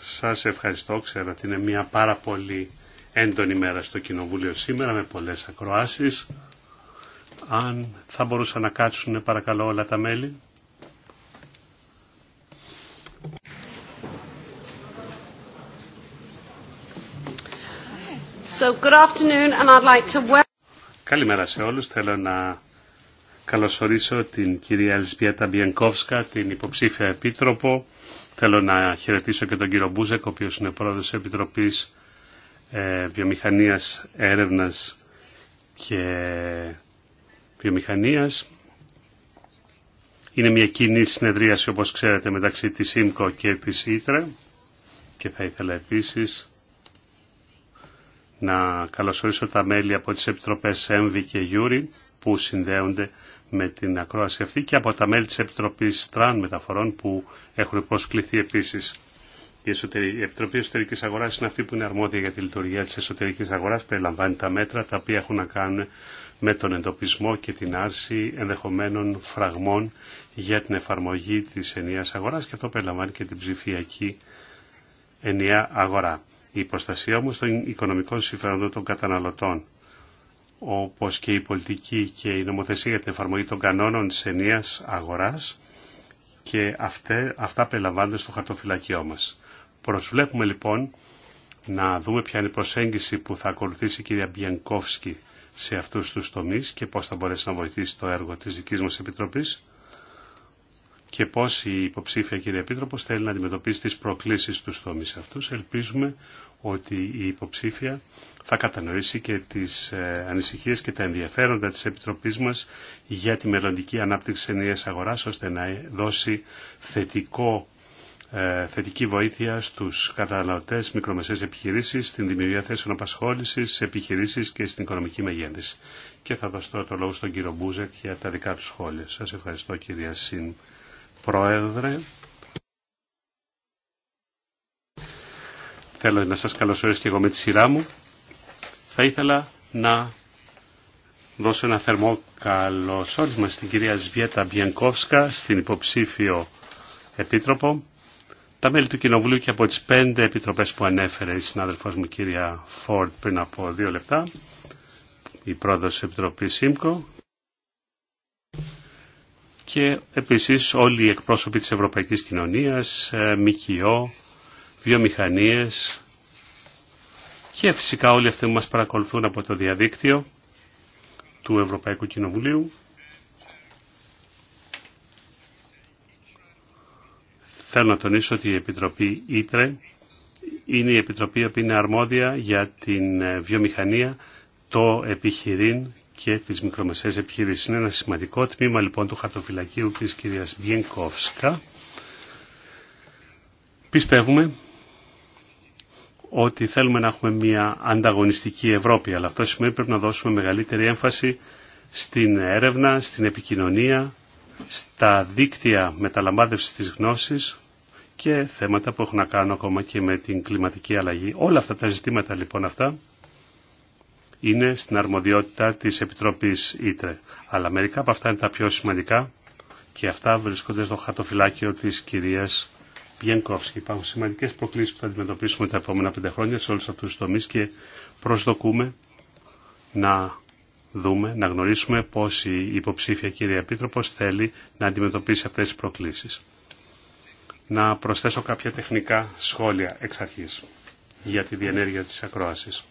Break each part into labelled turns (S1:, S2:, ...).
S1: Σας ευχαριστώ. Ξέρω ότι είναι μια πάρα πολύ έντονη μέρα στο Κοινοβούλιο σήμερα με πολλές ακροάσεις. Αν θα μπορούσαν να κάτσουν παρακαλώ όλα τα μέλη. Καλημέρα σε όλους. Θέλω να καλωσορίσω την κυρία Ελσπιέτα Μπιενκόφσκα, την υποψήφια επίτροπο. Θέλω να χαιρετήσω και τον κύριο Μπούζεκ, ο οποίος είναι πρόεδρος Επιτροπής ε, Βιομηχανίας Έρευνας και Βιομηχανίας. Είναι μια κοινή συνεδρίαση, όπως ξέρετε, μεταξύ της ΙΜΚΟ και της ΙΤΡΕ και θα ήθελα επίσης να καλωσορίσω τα μέλη από τις Επιτροπές ΕΜΒΙ και Γιούρι που συνδέονται με την ακρόαση αυτή και από τα μέλη της Επιτροπής Τραν Μεταφορών που έχουν προσκληθεί επίσης. Η, Επιτροπή Εσωτερικής Αγοράς είναι αυτή που είναι αρμόδια για τη λειτουργία της εσωτερικής αγοράς, περιλαμβάνει τα μέτρα τα οποία έχουν να κάνουν με τον εντοπισμό και την άρση ενδεχομένων φραγμών για την εφαρμογή της ενιαίας αγοράς και αυτό περιλαμβάνει και την ψηφιακή ενιαία αγορά. Η προστασία όμως των οικονομικών συμφέροντων των καταναλωτών όπως και η πολιτική και η νομοθεσία για την εφαρμογή των κανόνων της ενίας αγοράς και αυτά, αυτά περιλαμβάνονται στο χαρτοφυλακείο μας. Προσβλέπουμε λοιπόν να δούμε ποια είναι η προσέγγιση που θα ακολουθήσει η κυρία Μπιανκόφσκι σε αυτούς τους τομείς και πώς θα μπορέσει να βοηθήσει το έργο της δικής μας Επιτροπής και πώς η υποψήφια κύριε Επίτροπος θέλει να αντιμετωπίσει τις προκλήσεις του τομεί αυτούς. Ελπίζουμε ότι η υποψήφια θα κατανοήσει και τις ε, ανησυχίες και τα ενδιαφέροντα της Επιτροπής μας για τη μελλοντική ανάπτυξη ενιαίας αγοράς ώστε να δώσει θετικό ε, θετική βοήθεια στους καταναλωτές, μικρομεσαίες επιχειρήσεις, στην δημιουργία θέσεων απασχόλησης, επιχειρήσεις και στην οικονομική μεγέννηση. Και θα δώσω τώρα το λόγο στον κύριο Μπούζεκ για τα δικά του σχόλια. Σας ευχαριστώ κυρία Συν Πρόεδρε. Θέλω να σας καλωσορίσω και εγώ με τη σειρά μου. Θα ήθελα να δώσω ένα θερμό καλωσόρισμα στην κυρία Σβιέτα Μπιενκόφσκα, στην υποψήφιο επίτροπο. Τα μέλη του Κοινοβουλίου και από τις πέντε επιτροπές που ανέφερε η συνάδελφός μου κυρία Φόρτ πριν από δύο λεπτά, η πρόεδρος της Επιτροπής ΣΥΜΚΟ, και επίσης όλοι οι εκπρόσωποι της ευρωπαϊκής κοινωνίας, ε, ΜΚΟ, βιομηχανίες και φυσικά όλοι αυτοί που μας παρακολουθούν από το διαδίκτυο του Ευρωπαϊκού Κοινοβουλίου. Θέλω να τονίσω ότι η Επιτροπή Ήτρε είναι η Επιτροπή που είναι αρμόδια για την ε, βιομηχανία, το επιχειρήν και τις μικρομεσαίες επιχειρήσεις. Είναι ένα σημαντικό τμήμα λοιπόν του χαρτοφυλακίου της κυρίας Βιενκόφσκα. Πιστεύουμε ότι θέλουμε να έχουμε μια ανταγωνιστική Ευρώπη, αλλά αυτό σημαίνει πρέπει να δώσουμε μεγαλύτερη έμφαση στην έρευνα, στην επικοινωνία, στα δίκτυα μεταλαμβάνευσης της γνώσης και θέματα που έχουν να κάνουν ακόμα και με την κλιματική αλλαγή. Όλα αυτά τα ζητήματα λοιπόν αυτά είναι στην αρμοδιότητα της Επιτροπής Ήτρε. Αλλά μερικά από αυτά είναι τα πιο σημαντικά και αυτά βρίσκονται στο χατοφυλάκιο της κυρίας Πιενκόφσκη. Υπάρχουν σημαντικές προκλήσεις που θα αντιμετωπίσουμε τα επόμενα πέντε χρόνια σε όλους αυτούς τους τομείς και προσδοκούμε να δούμε, να γνωρίσουμε πώς η υποψήφια κυρία Επίτροπος θέλει να αντιμετωπίσει αυτές τις προκλήσεις. Να προσθέσω κάποια τεχνικά σχόλια εξ αρχής για τη διενέργεια της ακρόασης.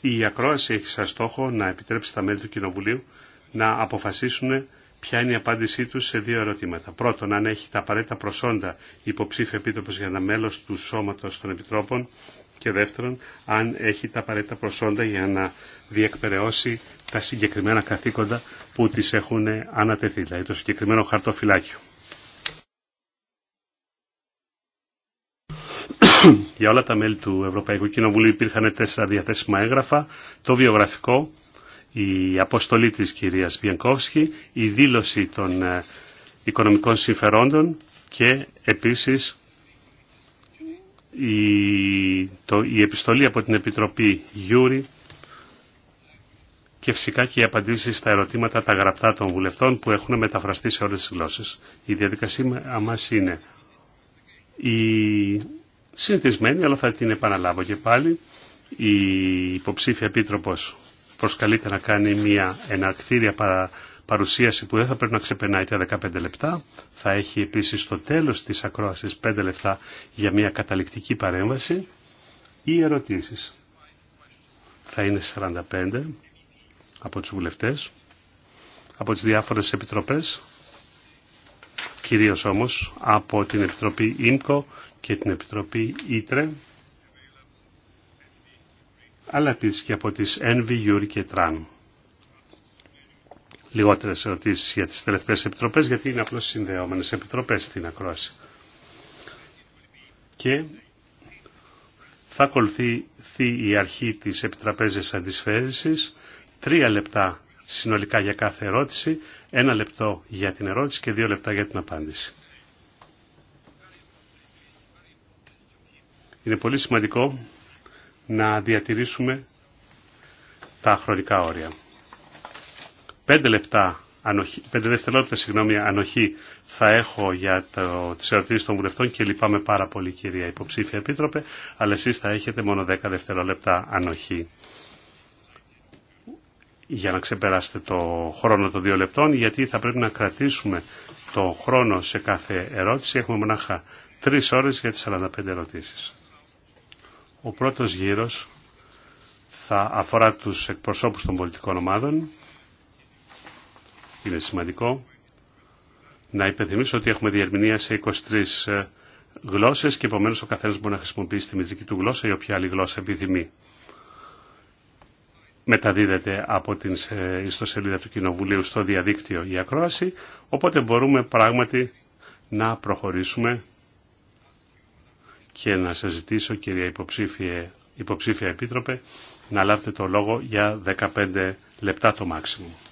S1: Η ακρόαση έχει σαν στόχο να επιτρέψει τα μέλη του Κοινοβουλίου να αποφασίσουν ποια είναι η απάντησή του σε δύο ερωτήματα. Πρώτον, αν έχει τα απαραίτητα προσόντα υποψήφιο επίτροπο για ένα μέλο του Σώματο των Επιτρόπων. Και δεύτερον, αν έχει τα απαραίτητα προσόντα για να διεκπαιρεώσει τα συγκεκριμένα καθήκοντα που τις έχουν ανατεθεί, δηλαδή το συγκεκριμένο χαρτοφυλάκιο. για όλα τα μέλη του Ευρωπαϊκού Κοινοβουλίου υπήρχαν τέσσερα διαθέσιμα έγγραφα, το βιογραφικό, η αποστολή της κυρίας Βιενκόφσκη, η δήλωση των ε, οικονομικών συμφερόντων και επίσης η, το, η επιστολή από την Επιτροπή Γιούρη και φυσικά και οι απαντήσεις στα ερωτήματα τα γραπτά των βουλευτών που έχουν μεταφραστεί σε όλες τις γλώσσες. Η διαδικασία μας είναι η συνηθισμένη, αλλά θα την επαναλάβω και πάλι. Η υποψήφια επίτροπος προσκαλείται να κάνει μια εναρκτήρια παρουσίαση που δεν θα πρέπει να ξεπερνάει τα 15 λεπτά. Θα έχει επίσης στο τέλος τη ακρόαση 5 λεπτά για μια καταληκτική παρέμβαση ή ερωτήσεις. Θα είναι 45 από τους βουλευτές, από τις διάφορες επιτροπές κυρίως όμως από την Επιτροπή ΙΜΚΟ και την Επιτροπή ΙΤΡΕ, αλλά επίσης και από τις ΕΝΒΙ, ΙΟΥΡΙ και ΤΡΑΝ. Λιγότερες ερωτήσεις για τις τελευταίες επιτροπές, γιατί είναι απλώς συνδεόμενες επιτροπές στην ακρόαση. Και θα ακολουθεί η αρχή της επιτραπέζης αντισφαίρησης, τρία λεπτά συνολικά για κάθε ερώτηση, ένα λεπτό για την ερώτηση και δύο λεπτά για την απάντηση. Είναι πολύ σημαντικό να διατηρήσουμε τα χρονικά όρια. Πέντε λεπτά ανοχή, πέντε δευτερόλεπτα συγγνώμη, ανοχή θα έχω για το, τις ερωτήσεις των βουλευτών και λυπάμαι πάρα πολύ κυρία υποψήφια επίτροπε, αλλά εσείς θα έχετε μόνο δέκα δευτερόλεπτα ανοχή για να ξεπεράσετε το χρόνο των δύο λεπτών, γιατί θα πρέπει να κρατήσουμε το χρόνο σε κάθε ερώτηση. Έχουμε μονάχα τρεις ώρες για τις 45 ερωτήσεις. Ο πρώτος γύρος θα αφορά τους εκπροσώπους των πολιτικών ομάδων. Είναι σημαντικό να υπενθυμίσω ότι έχουμε διερμηνία σε 23 ε, γλώσσες και επομένως ο καθένας μπορεί να χρησιμοποιήσει τη μητρική του γλώσσα ή όποια άλλη γλώσσα επιθυμεί μεταδίδεται από την ιστοσελίδα του Κοινοβουλίου στο διαδίκτυο η ακρόαση, οπότε μπορούμε πράγματι να προχωρήσουμε και να σας ζητήσω κυρία υποψήφια, υποψήφια Επίτροπε να λάβετε το λόγο για 15 λεπτά το μάξιμο.